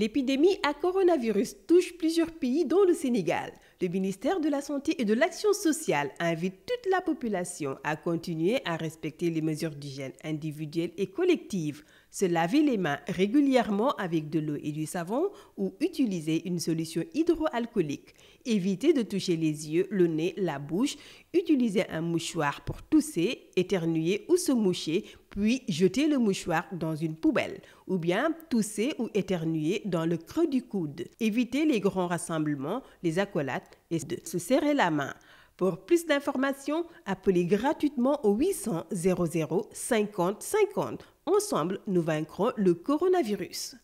L'épidémie à coronavirus touche plusieurs pays dont le Sénégal. Le ministère de la Santé et de l'Action sociale invite toute la population à continuer à respecter les mesures d'hygiène individuelles et collectives se laver les mains régulièrement avec de l'eau et du savon ou utiliser une solution hydroalcoolique, éviter de toucher les yeux, le nez, la bouche, utiliser un mouchoir pour tousser, éternuer ou se moucher, puis jeter le mouchoir dans une poubelle, ou bien tousser ou éternuer dans le creux du coude, éviter les grands rassemblements, les accolades et de se serrer la main. Pour plus d'informations, appelez gratuitement au 800 00 50 50 Ensemble, nous vaincrons le coronavirus.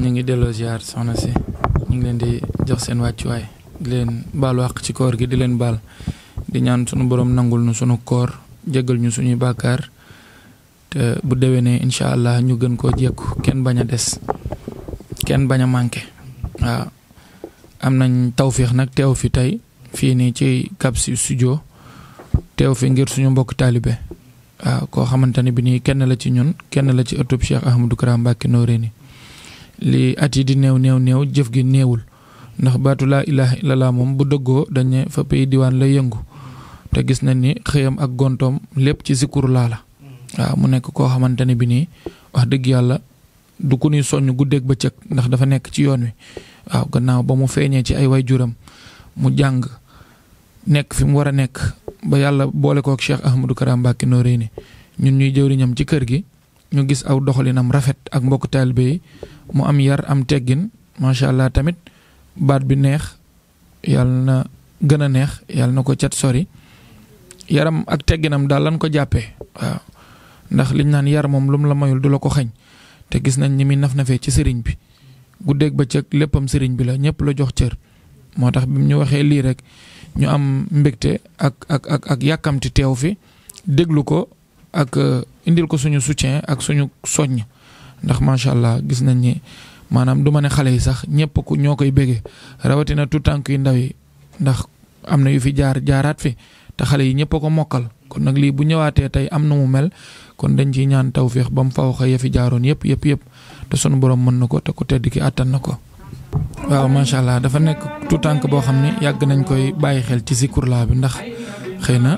ñu ngi delloo ziar soxna si ñu ngi leen di jox seen wàccuwaay di leen baalu àq ci koor gi di leen baal di ñaan sunu boroom nangul nu sunu koor jéggal ñu suñuy bàkkaar te bu ne incha allah ñu gën koo jekku kenn bañ a des kenn bañ a manqué waaw am nañ tawféex nag teew fi tey fii nii ci Cap Studio teew fi ngir suñu mbokk taalibe waaw ah, koo xamante ne bi nii kenn la ci ñun kenn la ci ëttub Cheikh Ahmadou Kara Mbacké Noreyni li at yi di néew néew néew jëf gi néewul ndax baatu laa la illallah moom bu dëggoo dañ ne fa pay diwaan lay yëngu te gis na ni xëyam ak gontoom lépp ci sikkur laa la waaw ah, mu nekk koo xamante ne bi nii wax dëgg yàlla du ku ñuy soññ ba bëccëg ndax dafa nekk ci yoon wi waaw ah, gannaaw ba mu feeñee ci ay way juram mu jàng nekk fi mu war a nekk ba yàlla boole kook Cheikh Ahmadou noo Mbacké Noreyni ñun ñuy jëwriñam ci kër gi ñu gis aw doxalinam rafet ak mbokku taalibe yi mu am yar am teggin macha allah tamit baat bi neex yàlla na gën a neex yàlla na ko cat sori yaram ak tegginam daal lan ko jàppee waaw ndax liñ naan yar moom lu mu la mayul du la ko xañ te gis nañ ni muy naf nafee ci sëriñ bi guddeeg bëccëg léppam sëriñ bi la ñëpp la jox cër moo tax bi ñu ñu am mbégte ak ak ak ak yàkkamti teew fi déglu ko ak euh, indil ko suñu soutien ak suñu soññ ndax macha allah gis nañ ni maanaam du ma ne xale yi sax ñëpp ku ñoo koy béggee rawatina tout tànk yu ndaw yi ndax am na yu fi jaar jaaraat fi te xale yi ñëpp a ko mokkal kon nag lii bu ñëwaatee tey am na mu mel kon dañ ciy ñaan tawféex ba mu faw xëy ya fi jaaroon yëpp yëpp yëpp te sunu borom mën na ko te ku tedd ki àttan na ko. waaw macha allah dafa nekk tu tànk boo xam ne yàgg nañ koy bàyyi xel ci Zikrullah bi ndax xëy na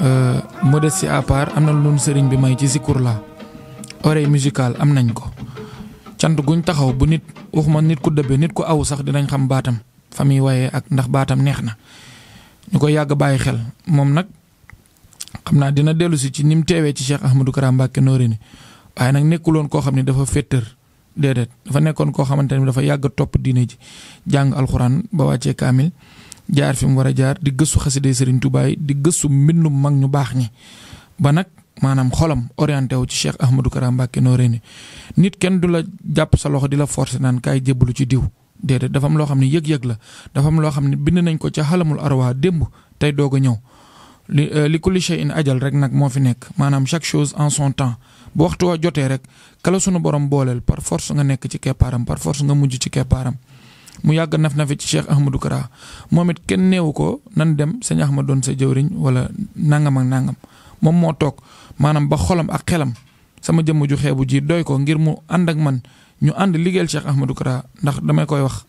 euh, modestie à part am na lu sëriñ bi may ci Zikrullah oreille musicale am nañ ko cant guñ taxaw bu nit waxuma nit ku dëbbe nit ku aw sax dinañ xam baatam fa muy waaye ak ndax baatam neex na ñu koy yàgg bàyyi xel moom nag xam naa dina dellu si ci ni mu teewee ci Cheikh Ahmadou Kara Mbacké Noreyni waaye nag nekkuloon koo xam ne dafa féetër déedéet dafa nekkoon koo xamante ne dafa yàgg topp diine ji jàng alxuraan ba wàccee kaamil jaar fi mu war a jaar di gëstu xaside Serigne Touba yi di gëstu mbindum mag ñu baax ñi ba nag maanaam xolam orienté wu ci Cheikh Ahmadou Kara Mbacké Noreyni nit kenn du la jàpp sa loxo di la forcer naan kaay jébbalu ci diw déedéet dafa am loo xam ne yëg-yëg la dafa am loo xam ne bind nañ ko ca xalamul arwa démb tey doog a ñëw li euh, li kulli shay'in ajal rek nag moo fi nekk maanaam chaque chose en son temps bu waxtu wa jotee rek kala sunu borom booleel par force nga nekk ci keppaaram par force nga mujj ci keppaaram mu yàgg naf na fi ci Cheikh Ahmadou Kara moom it kenn néewu ko nan dem sëñ ma doon sa jëwriñ wala nangam ak nangam moom moo toog maanaam ba xolam ak xelam sama jëmm ju xeebu ji doy ko ngir mu ànd ak man ñu ànd liggéeyal Cheikh Ahmadou Kara ndax damay koy wax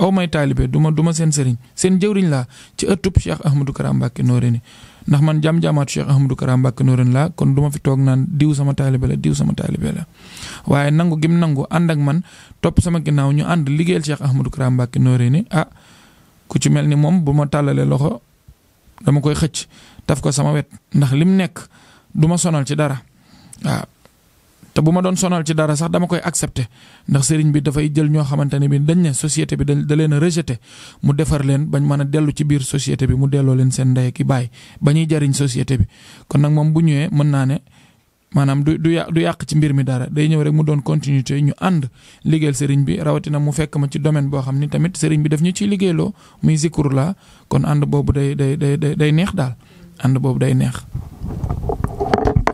aw may taalibe du ma du ma seen sëriñ seen jëwriñ laa ci ëttub Cheikh Ahmadou Kara Mbacké Noreyni ndax man jam jaamaatu Cheikh Ahmadou Kara Mbacké Noreyni laa kon du ma fi toog naan diw sama taalibe la diw sama taalibe waaye nangu gim nangu ànd ak man topp sama ginnaaw ñu ànd liggéeyal Cheikh Ahmadou Kara Mbacké Noreyni ah ku ci mel ni moom bu ma tàllalee loxo dama koy xëcc taf ko sama wet ndax lim nekk duma ma sonal ci dara waaw ah, te bu ma doon sonal ci dara sax dama koy accepter ndax sëriñ bi dafay jël ñoo xamante ne bi dañ ne société bi da leen a mu defar leen bañ mën a dellu ci biir société bi mu delloo leen seen ndey ki bàyyi jariñ société bi kon nag moom bu ñëwee mën naa ne maanaam du du du yàq ci mbir mi dara day ñëw rek mu doon continuité ñu ànd liggéeyal sëriñ bi rawatina mu fekk ma ci domaine boo xam ni tamit sëriñ bi daf ñu ciy liggéeyloo muy zikur la kon ànd boobu day day day day neex daal ànd boobu day neex.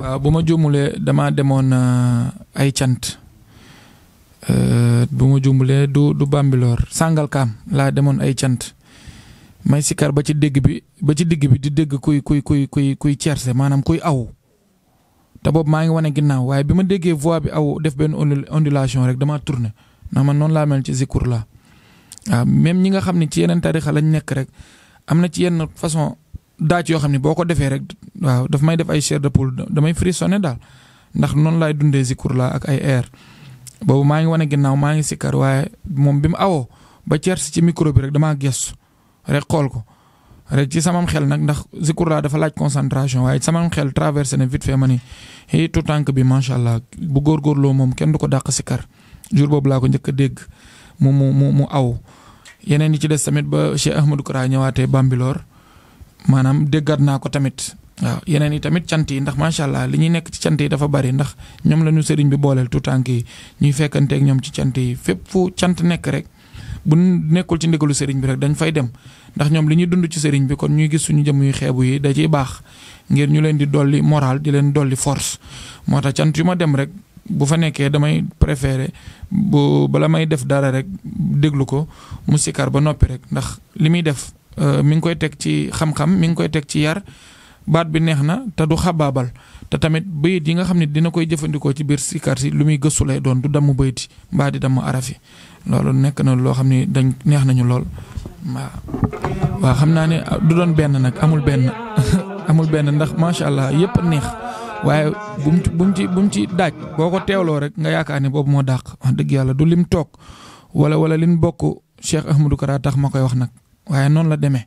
waaw bu ma juumulee damaa demoon euh, ay cant euh, bu ma juumulee du du bambiloor sàngalkaam laa demoon ay cant may sikar ba ci dégg bi ba ci digg bi di dégg kuy kuy kuy kuy kuy cerse maanaam kuy aw te boobu maa ngi wane ginnaaw waaye bi ma déggee voix bi aw def benn ondulation rek damaa tourné ndax ma noonu laa mel ci zikur la waaw même ñi nga xam ne ci yeneen tarixa lañ nekk rek am na ci yenn façon daaj yoo xam ne boo ko defee rek waaw daf may def ay chair de poule damay frissonné daal ndax noonu laay dundee zikur la ak ay air boobu maa ngi wane ginnaaw maa ngi sikkar waaye moom bi mu awoo ba cersi ci micro bi rek damaa gestu rek xool ko rek ci samam xel nag ndax zikur dafa laaj concentration waaye samam xel traversé na vite fait ma ni hey tout tànk bi macha allah bu góorgóorloo moom kenn du ko dàq sikkar jur boobu laa ko njëkk a dégg mu mu mu mu aw yeneen yi ci des tamit ba Cheikh Ahmadou Kara ñëwaatee Bambilor maanaam déggaat naa ko tamit waaw yeneen yi tamit cant yi ndax macha allah li ñuy nekk ci cant yi dafa bari ndax ñoom la ñu sëriñ bi booleel tout tànk yi ñuy fekkanteek ñoom ci cant yi fépp fu cant nekk rek bu nekkul ci ndigalu sëriñ bi rek dañ fay dem ndax ñoom li ñuy dund ci sëriñ bi kon ñuy gis suñu jëm yu xeebu yi da ciy baax ngir ñu leen di dolli moral di leen dolli force moo tax cant yu ma dem rek bu fa nekkee damay préféré bu bala may def dara rek déglu ko mu ba noppi rek ndax li muy def. Euh, mi ngi koy teg ci xam-xam mi ngi koy teg ci yar baat bi neex na te du xabaabal te tamit bayit yi nga xam ne dina koy jëfandikoo ci biir sikar si lu muy gëstu lay doon du damm bayit yi mbaa di damm araf yi loolu nekk na loo xam ne dañ neex nañu lool waaw. waaw xam naa ne du doon benn nag amul benn amul benn ndax macha allah yëpp neex waaye bu mu ci bu ci bu ci daaj boo ko teewloo rek nga yaakaar ne boobu moo dàq wax dëgg yàlla du lim toog wala wala lim bokk Cheikh Ahmadou Kara tax ma koy wax nag. waaye noonu la demee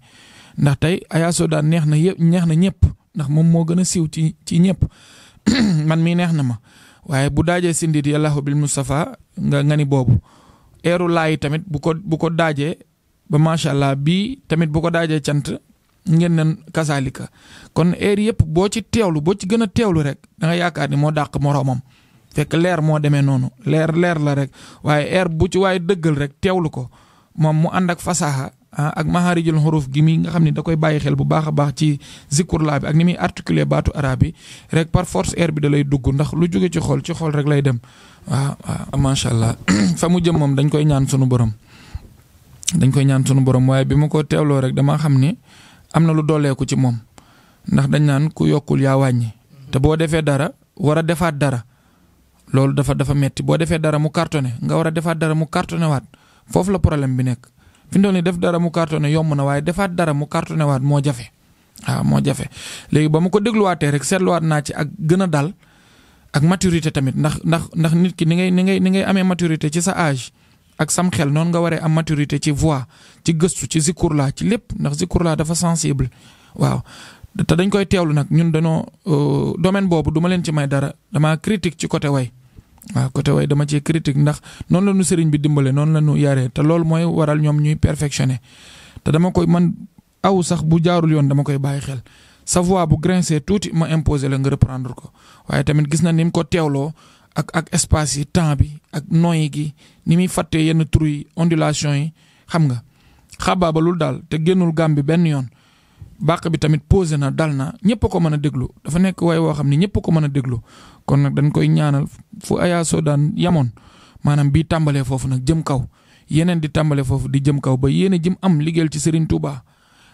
ndax tey Aya Soda neex na yëpp neex na ñëpp ndax moom moo gën a siw ci ci ñëpp man mii neex na ma waaye bu daajee sindit yàllaahu bil Mustafa nga nga ni boobu eeru laa yi tamit bu ko bu ko daajee ba macha allah bii tamit bu ko daajee cant ngeen nen kasaalika kon eer yëpp boo ci teewlu boo ci gën a teewlu rek da yaakaar ni moo dàq moroomam fekk leer moo demee noonu leer leer la rek waaye eer bu ci waaye dëggal rek teewlu ko moom mu ànd ak fasaxa Ah, ak mahaarijul xuruf gi mi nga xam ne da koy bàyyi xel bu baax a baax ci zikurlaa bi ak ni muy articuler baatu arab bi rek par force air bi dalay dugg ndax lu jóge ci xool ci xool rek lay dem waaw waaw macha allah fa mu jëm moom dañ koy ñaan sunu borom dañ koy ñaan sunu borom waaye bi ma ko teewloo rek damaa xam ne am na lu dooleeku ci moom ndax dañ naan ku yokkul yaa wàññi te boo defee dara war a defaat dara loolu dafa dafa metti boo defee dara mu cartonné nga war a defaat dara mu cartonné waat foofu la problème bi nekk. fi mu def dara mu cartonné yomb na waaye defaat dara mu cartonné waat moo jafe waaw moo jafe léegi ba mu ko dégluwaatee rek seetluwaat naa ci ak gën a dal ak maturité tamit ndax ndax ndax nit ki ni ngay ni ngay ni ngay amee maturité ci sa âge ak sam xel noonu nga waree am maturité ci voix ci gëstu ci zikur laa ci lépp ndax zikur laa dafa sensible waaw. te dañ koy teewlu nag ñun dañoo euh, domaine boobu duma leen ci may dara dama critique ci côté way waaw côté way dama ci critique ndax noonu la ñu sëriñ bi dimbale noonu la ñu yaree te loolu mooy waral ñoom ñuy perfectionné te dama koy man aw sax bu jaarul yoon dama koy bàyyi xel sa voix bu grincé tuuti ma imposé la nga reprendre ko waaye tamit gis na ni mu ko teewloo ak ak espace yi temps bi ak noyyi gi ni muy fàtte yenn tur yi ondulation yi xam nga xabaaba daal te génnul gàm bi benn yoon. bàq bi tamit posé na dal na ñëpp ko mën a déglu dafa nekk waay woo xam ne ñëpp ko mën a déglu kon nag dañ koy ñaanal fu Aya Soodaan yamoon maanaam bii tàmbalee foofu nag jëm kaw yeneen di tàmbalee foofu di jëm kaw ba yéen a jëm am liggéeyal ci Serigne Touba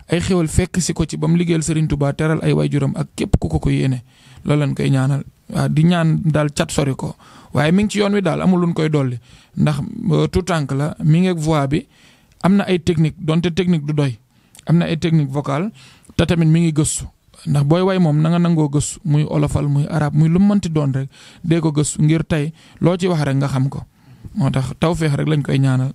ay xéwal fekk si ko ci ba mu liggéeyal Serigne Touba teral ay waajuram ak képp ku ko ko yéene loolu lañ koy ñaanal waaw di ñaan daal cat sori ko waaye mi ngi ci yoon wi daal amul lu ñu koy dolli ndax euh, tout tànk la mi ngi bi am na ay technique donte technique du doy. am na ay technique vocale te tamit mu ngi gëstu ndax booy way moom nanga nangoo gëstu muy olofal muy arab muy lu mënti doon rek dee ko gëstu ngir tey loo ci wax rek nga xam ko moo tax taw feex rek lañ koy ñaanal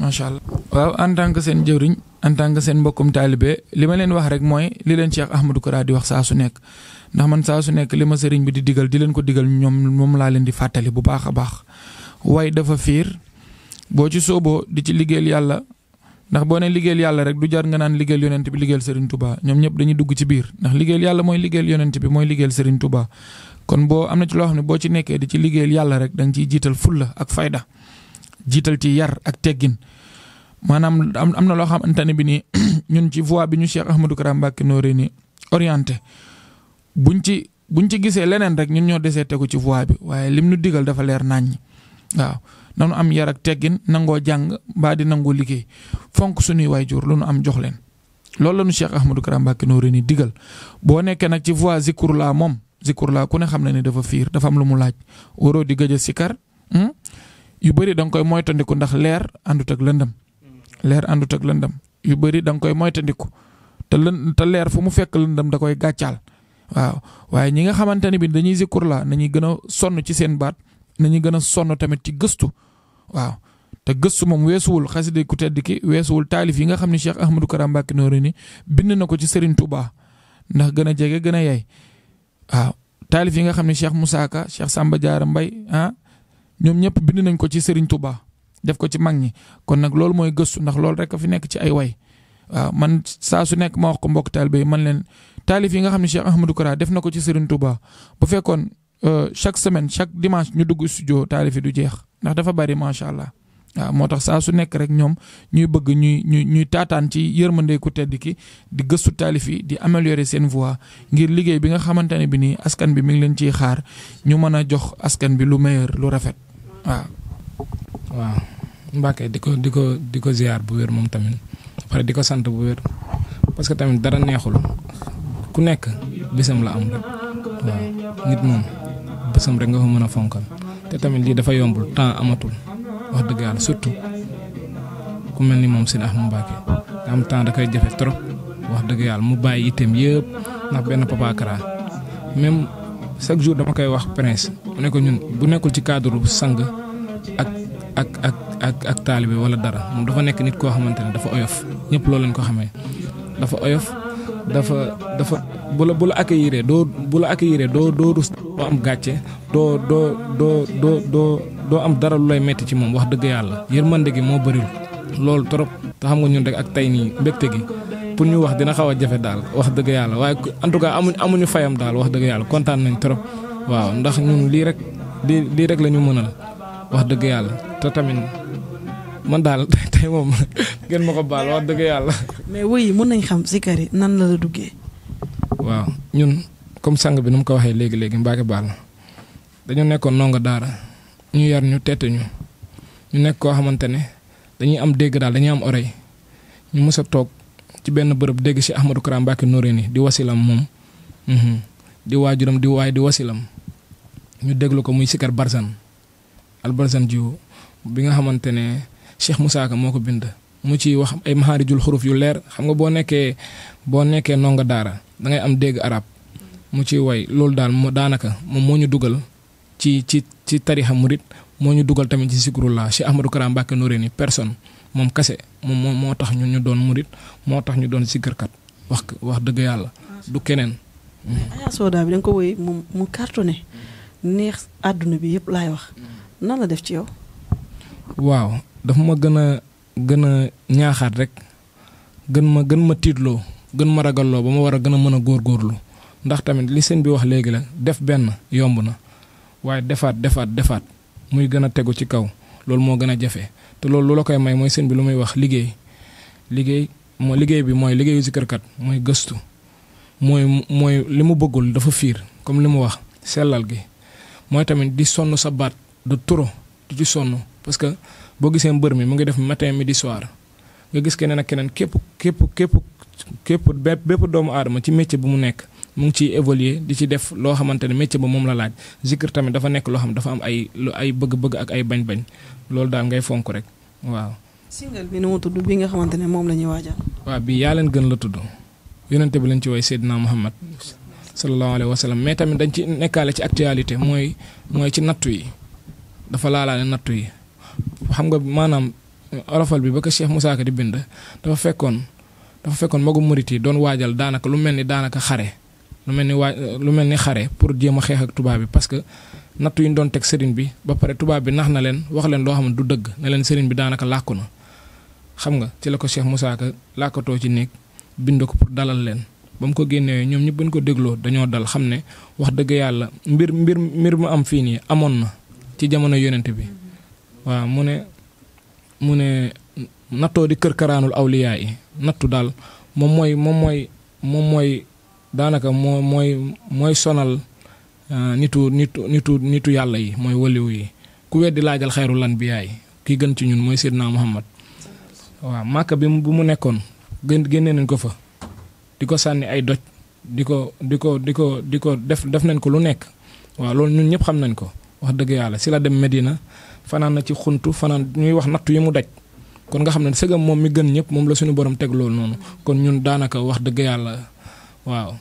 macha allah. waaw en tant que seen jëwriñ en tant seen mbokkum taalibe li ma leen wax rek mooy li leen Cheikh Ahmadou Kara di wax saa su nekk ndax man saa su nekk li ma sëriñ bi di digal di leen ko digal ñoom moom laa leen di fàttali bu baax a baax way dafa fiir ci sooboo di ci liggéeyal yàlla ndax boo ne liggéeyal yàlla rek du jar nga naan liggéeyal yonent bi liggéeyal Serigne Touba ñoom ñëpp dañuy dugg ci biir ndax liggéeyal yàlla mooy liggéeyal yonent bi mooy liggéeyal Serigne Touba kon boo am na ci loo xam ne boo ci nekkee di ci liggéeyal yàlla rek da nga ciy jiital fulla ak fayda jiital ci yar ak teggin maanaam am na loo xamante ne bi nii ñun ci voie bi ñu Cheikh Ahmadou Kara Mbacké Noreyni orienté buñ ci buñ ci gisee leneen rek ñun ñoo desee tegu ci voie bi waaye lim nu digal dafa leer naññ waaw nanu am yar ak teggin nangoo jàng mbaa di nangoo liggéey fonk suñuy waajur lu nu am jox leen. loolu la nu Cheikh Ahmadou Kara Mbacké Noreyni digal boo nekkee nag ci voie Zikurla moom Zikurla ku ne xam na ne dafa fiir am lu mu laaj di gëj a sikar hmm? yu bëri da nga koy moytandiku ndax leer àndut ak lëndëm. leer àndut ak lëndëm yu bëri da nga koy moytandiku te lën te leer fu mu fekk lëndëm da koy gàccaal waaw waaye ñi nga xamante ne bi dañuy Zikurla nañuy gën a sonn ci seen baat. nañu gën a sonn tamit ci gëstu waaw te gëstu moom weesuwul xasida ku tedd ki weesuwul taalif yi nga xam ne Cheikh Ahmadou Kara Mbacké Noreyni bind na ko ci Serigne Touba ndax gën a jege gën a yey waaw taalif yi nga xam ne Cheikh Moussa Ka Cheikh Samba jaar mbay ah ñoom ñëpp bind nañ ko ci sëriñ tuba def ko ci mag ñi kon nag loolu mooy gëstu ndax loolu rek a fi nekk ci ay way waaw man saa su nekk ma wax ko mbokk taalibe yi man leen taalif yi nga xam ne Cheikh Ahmadou Kara def na ko ci Serigne Touba bu fekkoon Euh, chaque semaine chaque dimanche ñu dugg studio taarif yi du jeex ndax dafa bari macha allah waaw moo tax saa su nekk rek ñoom ñuy bëgg ñuy ñuy ñuy taataan ci yërmande ku tedd ki di gëstu taalifi di améliorer seen voix ngir liggéey bi nga xamante ne bi nii askan bi mi ngi leen ciy xaar ñu mën a jox askan bi lu meilleur lu rafet waaw. waaw di ko di ko di ko ziar bu wér moom tamit pare di ko sant bu wér parce que tamit dara neexul ku nekk bisam la am rek waaw bésam rek nga ko mën a fonkal te tamit lii dafa yombul temps amatul wax dëgg yàlla surtout ku mel ni moom Sëñ Ahmadou Mbacké nga am temps da koy jafe trop wax dëgg yàlla mu bàyyi itam yëpp ndax benn Papa Kara même chaque jour dama koy wax prince mu ñun bu nekkul ci cadre sang ak ak ak ak ak taalibe wala dara moom dafa nekk nit koo xamante ne dafa oyof ñëpp loolu leen ko xamee dafa oyof dafa dafa bu la bu la accueillir doo doo doo rus doo am doo doo doo doo doo doo am dara lu lay metti ci moom wax dëgg yàlla yërmande gi moo bëriwul loolu trop te xam nga ñun rek ak tey nii mbégte gi pour ñu wax dina xaw a jafe daal wax dëgg yàlla waaye en tout cas amuñ amuñu fayam daal wax dëgg yàlla kontaan nañ trop waaw ndax ñun lii rek lii lii rek lañu ñu mënal wax dëgg yàlla te tamit man daal tey moom ngeen ma ko baal wax dëgg yàlla. mais wëy mën nañ xam Zikary nan la la duggee. waaw ñun comme sang bi nu mu ko waxee léegi léegi mbaake baal na dañu nekkoon ndongo daara ñu yar ñu tette ñu ñu nekk koo xamante ne dañuy am dégg daal dañuy am oreille ñu mës toog ci benn bërëb dégg si Ahmadou Kara Mbacké Noreyni di wasilam moom mhm. di waajuram di waay di wasilam ñu déglu ko muy sikar Barzan albarzan jiw bi nga xamante ne Cheikh Moussa Ka moo ko bind mu ci wax ay maxaarijul xuruf yu leer xam nga boo nekkee boo nekkee nongo daara da ngay am dégg arab mu ci woy loolu daal moo daanaka moom moo ñu dugal ci ci ci tarixa murit moo ñu dugal tamit ci sikurullah si Ahmadou Kara Mbacké Noreyni personne moom kese moom moo tax ñun ñu doon murit moo tax ñu doon sikkarkat wax wax dëgg yàlla du keneen. Aya Soda bi da ko woy mu mu cartonné neex àdduna bi yëpp laay wax nan la def ci yow. waaw dafa ma gën a gën a ñaaxaat rek gën ma gën ma tiitloo gën ma ragalloo ba ma war a gën a mën a góorlu ndax tamit li sëñ bi wax léegi la def benn yomb na waaye defaat defaat defaat muy gën a tegu ci kaw loolu moo gën a jafe te loolu lu la koy may mooy sëñ bi lu muy wax liggéey liggéey moo liggéey bi mooy liggéeyu zikkarkat mooy gëstu mooy li mu bëggul dafa fiir comme li mu wax sellal gi mooy tamit di sonn sa baat de toro di ci sonn parce que boo gisee mbër mi mu ngi def matin midi soir nga gis keneen ak keneen képp képp képp képp bépp doomu aadama ci métier bi mu nekk mu ngi ciy évoluer di ci def loo xamante ne métier ba moom la laaj zikr tamit dafa nekk loo xam dafa am ay lu ay ay bañ-bañ loolu daal ngay fonk rek waaw. single bi nu mu tudd nga xamante ne moom la ñuy waajal. waaw bii yaa leen la tudd yonente bi lañ ci woy Seydina Muhammad sallallahu alayhi wa sallam mais tamit dañ ci nekkaale ci actualité mooy mooy ci nattu yi dafa laalaale nattu yi xam nga maanaam olofal bi ba ko Cheikh Moussa Ka di bind dafa fekkoon dafa fekkoon doon waajal daanaka lu mel ni daanaka xare lu mel ni waa lu mel ni xare pour jéem a xeex ak tubaab bi parce que natt yu ñu doon teg sëriñ bi ba pare tubaab bi nax na leen wax leen loo xam ne du dëgg ne leen sëriñ bi daanaka làkku na xam nga ci la ko Cheikh Moussa Ka làkkatoo ci néeg bind ko pour dalal leen ba mu ko génnee ñoom ñëpp bañ ko dégloo dañoo dal xam ne wax dëgg yàlla mbir mbir mbir mu am fii nii amoon na ci jamono yonent bi waaw mu ne mu ne nattoo di kër karaanul awliyaa yi nattu daal moom mooy moom mooy mooy daanaka moo mooy mooy sonal euh, nitu nitu nitu nitu yàlla yi mooy waliw yi ku weddi laajal xayru lan bi yaay ki gën ci ñun mooy Seydina Muhammad waaw màkk bi bu mu nekkoon gën génne nañ ko fa di ko sànni ay doj di ko di ko di ko di ko def def nañ ko lu nekk waaw loolu ñun ñëpp xam nañ ko wax dëgg yàlla si la dem Medina fanaan na ci xuntu fanaan ñuy wax natt yi mu daj kon nga xam ne sëgam moom mi gën ñëpp moom la suñu borom teg loolu noonu kon ñun daanaka wax dëgg yàlla waaw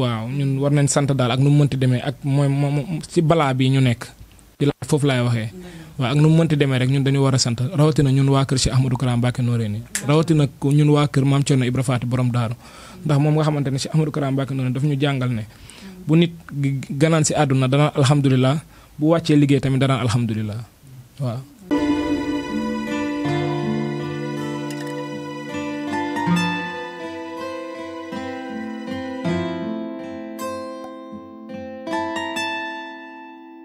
waaw ñun war nañ sant daal ak nu mu mënti demee ak moom moom si balaa bii ñu nekk. di laaj foofu laay waxee. waaw ak nu mu mënti demee rek ñun dañu war a sant rawatina ñun waa kër si Ahmadou Kara Mbacké Noreyni rawatina ñun waa kër maam Thierno Ibra Faty borom daaru ndax moom nga xamante ne si Ahmadou Kara Mbacké Noreyni daf ñu jàngal ne. bu nit ganaan si àdduna danaan alhamdulilah bu wàccee liggéey tamit danaan alhamdulilah waaw.